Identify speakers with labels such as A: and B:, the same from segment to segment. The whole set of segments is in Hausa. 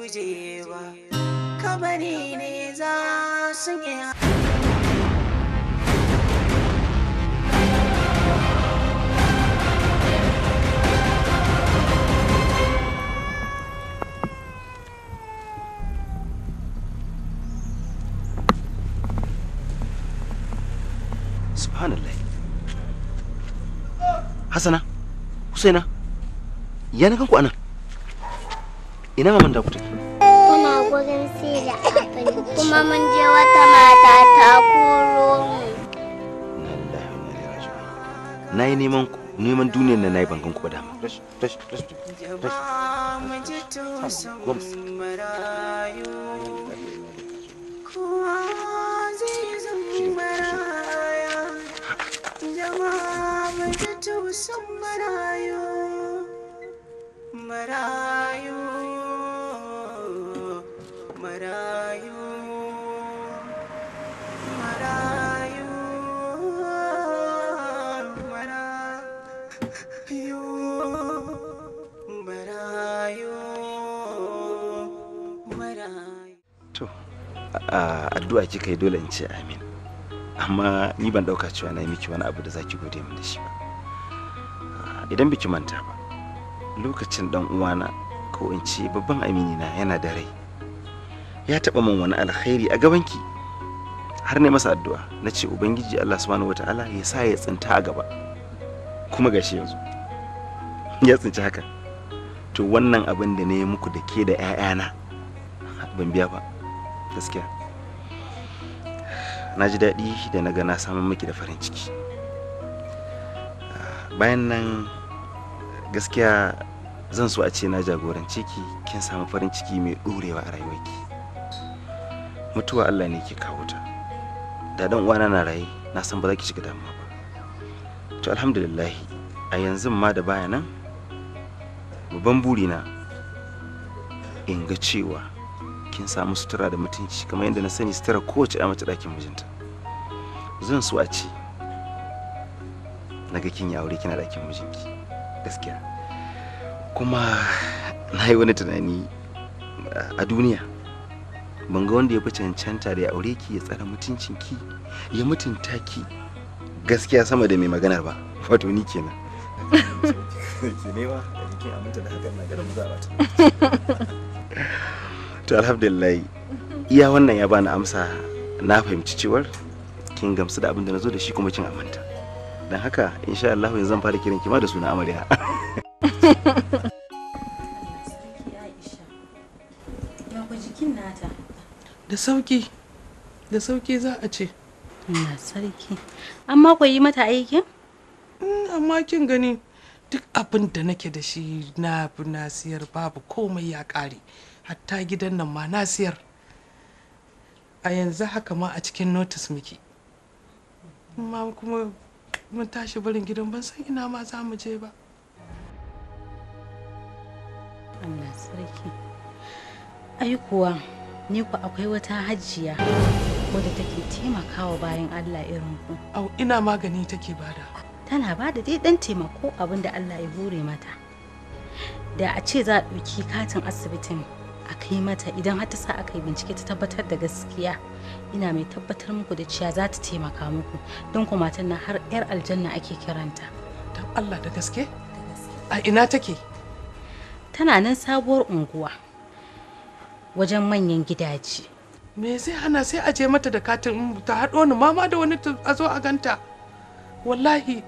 A: gujewa ne za su subhanallah
B: hasana husaina ya kanku anan ina maman da fita
A: muna gurin sai da abinci kuma mun je wata mata ta
B: koro mu na yi neman neman duniyar nan na yi bangan ku ba dama
A: Jama'a mu ji sun marayu, marayu.
B: addu'a kika yi dole in ce amin amma ni ban dauka cewa na yi miki wani abu da zaki gode min da shi ba idan biki manta ba lokacin dan uwana ko in ce babban amini na yana da rai ya taba min wani alkhairi a gabanki har ne masa addu'a na ce ubangiji Allah subhanahu wataala ya sa ya tsinta a gaba kuma gashi yanzu ya tsinci haka to wannan abin da na yi muku da ke da 'ya'yana ban biya ba gaskiya na ji daɗi da na ga na samun miki da farin ciki bayan nan gaskiya zan so a ce na jagoranci ki kin samu farin ciki mai ɗorewa a rayuwarki mutuwa allah ne ke kawo ta da ɗan uwana na raye na san ba za ki shiga damuwa ba to alhamdulillah a yanzu ma da baya nan babban burina in ga cewa kin samu sutura da mutunci kamar yadda na sani sutura kowace a mace ɗakin mijinta zan so a ce na ga kin yi aure kina ɗakin mijinki gaskiya kuma na yi wani tunani a duniya ban ga wanda ya fi cancanta da ya aure ki ya tsara mutuncin ki ya mutunta ki gaskiya sama da mai maganar ba wato ni kenan ki da kike aminta da hakan na garin za a to alhamdulillah iya wannan ya bani amsa na fahimci cewar kin gamsu da abin da na zo da shi kuma kin aminta don haka insha Allah yanzu zan fara kiran kima da suna
A: amarya da sauki da sauki za a ce Na sarki amma ku yi mata aikin mm, amma kin gani duk abin da nake da shi na fi nasiyar babu komai ya ƙare hatta gidan nan ma na siyar a yanzu haka ma a cikin notice muke amma kuma mun tashi barin gidan ban san ina ma za mu je ba Allah sarki
B: ai kuwa ni ku akwai wata hajjiya wadda take taimakawa bayan Allah irin ku au ina magani take bada tana bada dai dan taimako abinda Allah ya hore mata da a ce za a ɗauki katin asibitin a kai mata idan har ta sa aka yi bincike ta tabbatar da gaskiya ina mai tabbatar muku da cewa za ta taimaka muku don ku matan nan har 'yar aljanna ake kiranta don allah da gaske a ina take tana nan sabuwar unguwa wajen manyan gidaje
A: me zai hana sai a je mata da katin ta haɗo ni mama da wani a zo a ganta wallahi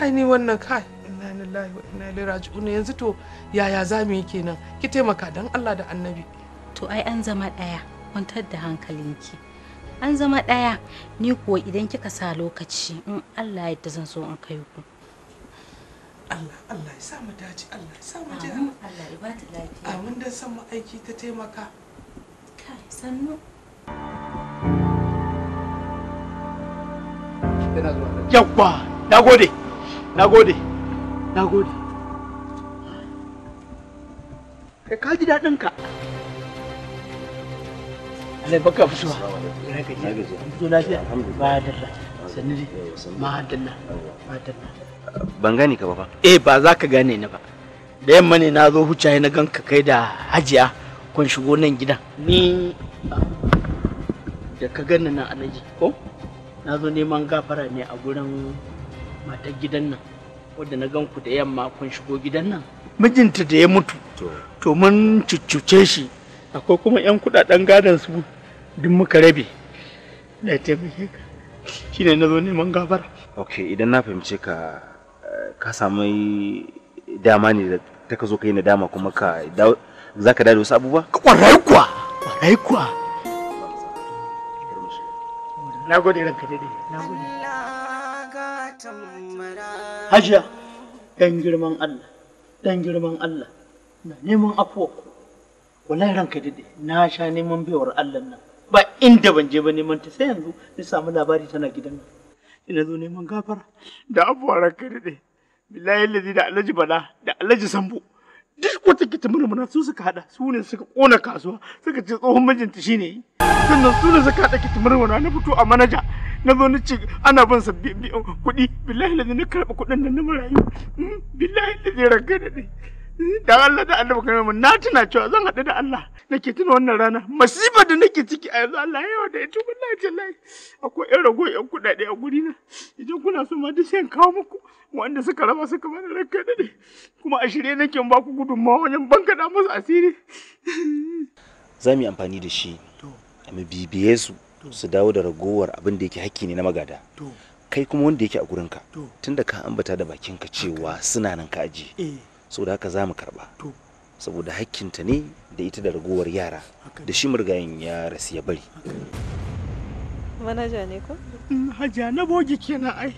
A: ai ni wannan kai inna lillahi wa inna ilaihi raji'un yanzu to yaya za mu yi kenan ki taimaka dan Allah da annabi to ai an zama daya kwantar da hankalinki an zama daya
B: ni kuwa idan kika sa lokaci in Allah ya yarda zan so in kai ku
A: Allah Allah ya sa mu dace Allah ya sa mu Allah ya ba ta lafiya amin dan san mu aiki ta taimaka kai sannu yawwa na gode ka gane eh ba za ka gane ni ba da yamma ne na zo hucaye na ganka kai da hajiya kun shigo nan gidan ni da ka gani na alaji ko na zo neman gafara ne a gurin matar gidan nan wadda na gan ku da yamma kun shigo gidan nan mijinta da ya mutu to mun cuccuce shi akwai kuma yan kudaden gadon su duk muka rabe da ta taimake ka ne na zo neman gabara
B: ok idan na fahimce ka ka samu dama ne da ta ka zo ka yi dama kuma ka za ka dada wasu abubuwa
A: kwarai kuwa kwarai kuwa na gode ranka daidai na gode hajiya ɗan girman Allah ɗan girman Allah na neman afuwa ku wallahi ranka dade na sha neman baiwar Allah nan ba inda ban je ba neman ta sai yanzu ni samu labari tana gidan nan ina zo neman gafara da afuwa ranka dade billahi lazi da alaji bala da alaji sambo duk wata kita murmuna su suka hada su ne suka kona kasuwa suka ce tsohon mijinta shine sannan su ne suka hada kita murmuna na fito a manaja na zo ni ci ana bin sa kuɗi billahi lazi na karɓa kuɗin da na marayu hmm? billahi lazi ranka da dai hmm? da Allah da Allah baka mun na tuna cewa zan haɗu da Allah nake tuna wannan rana masifa da nake ciki a yanzu Allah yawa da ita wallahi tallahi akwai ƴan rago ƴan kuɗaɗe a guri na idan kuna so ma duk kawo muku wanda suka raba suka bani ranka da dai kuma a shirye nake ba ku gudunmawa wajen da musu asiri
B: za mu yi amfani da shi mu bibiye su su dawo da ragowar abin da yake hakki ne na magada kai kuma wanda yake a gurinka tunda ka ambata da bakinka cewa suna nan ka aji eh. saboda haka za mu karba saboda hakkinta ne da ita da ragowar yara da shi murgayin ya rasu ya bari
A: manaja ne ko mm, haja na bogi kenan ai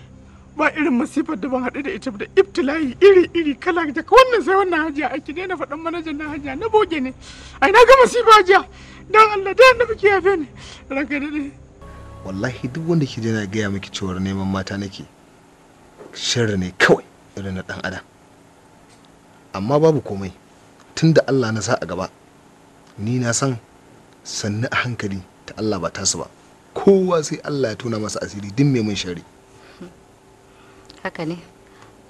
A: ba irin masifar da ban haɗu da ita da ibtilayi iri iri kala da wannan sai wannan hajiya ake daina faɗan manajan na haja na boge ne ai na ga masifa haja dan Allah dan da muke yafe ni ranka dade
B: wallahi duk wanda ke jira gaya miki cewa neman mata nake sharri ne kawai irin na dan adam amma babu komai tunda Allah na sa a gaba ni na san sannu a hankali ta Allah ba tasu ba kowa sai Allah ya tona masa asiri din mai mun shari
A: haka ne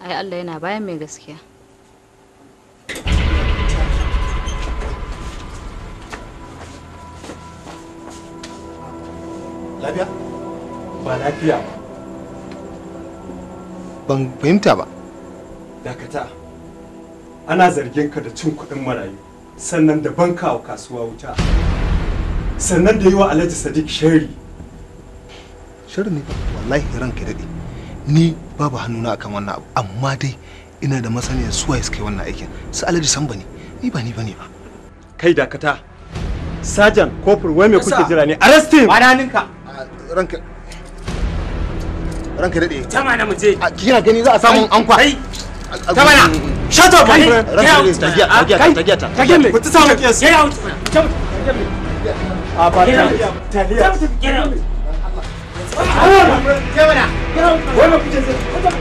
A: ai Allah yana bayan mai gaskiya lafiya ba lafiya
B: ban fahimta ba dakata ana zargin ka da cin kuɗin marayu sannan da banka a kasuwa wuta sannan da yi wa alhaji sadiq shari shari ne wallahi ranka daɗe ni babu hannuna akan wannan abu amma dai ina da masaniyar suwaye suka yi wannan aikin su alhaji san ne ni ba ni bane ba kai dakata sajan kofur wai me kuke jira ne arrestin ba ranka ranka dade tama na muje kina gani za a samu an kwa tama
A: shut up kai ta giya ta giya ta giya me ku ta samu kiyas ya out a ba ta taliya ta giya me Allah ya tsaya tama na wannan kuje sai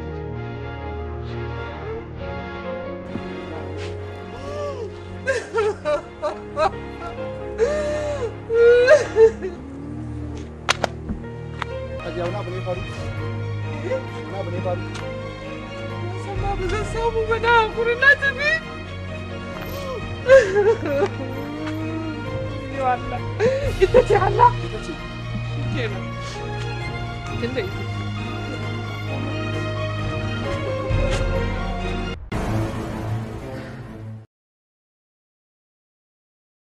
B: hajiya wani abu ne faru eh, wani abu ne faru
A: sama ba zan samu ba na hakuri na tafi ita